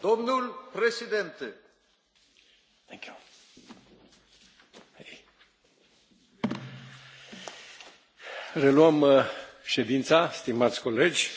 Domnul Presidente. Thank you. Reluăm uh, ședința, stimați colegi.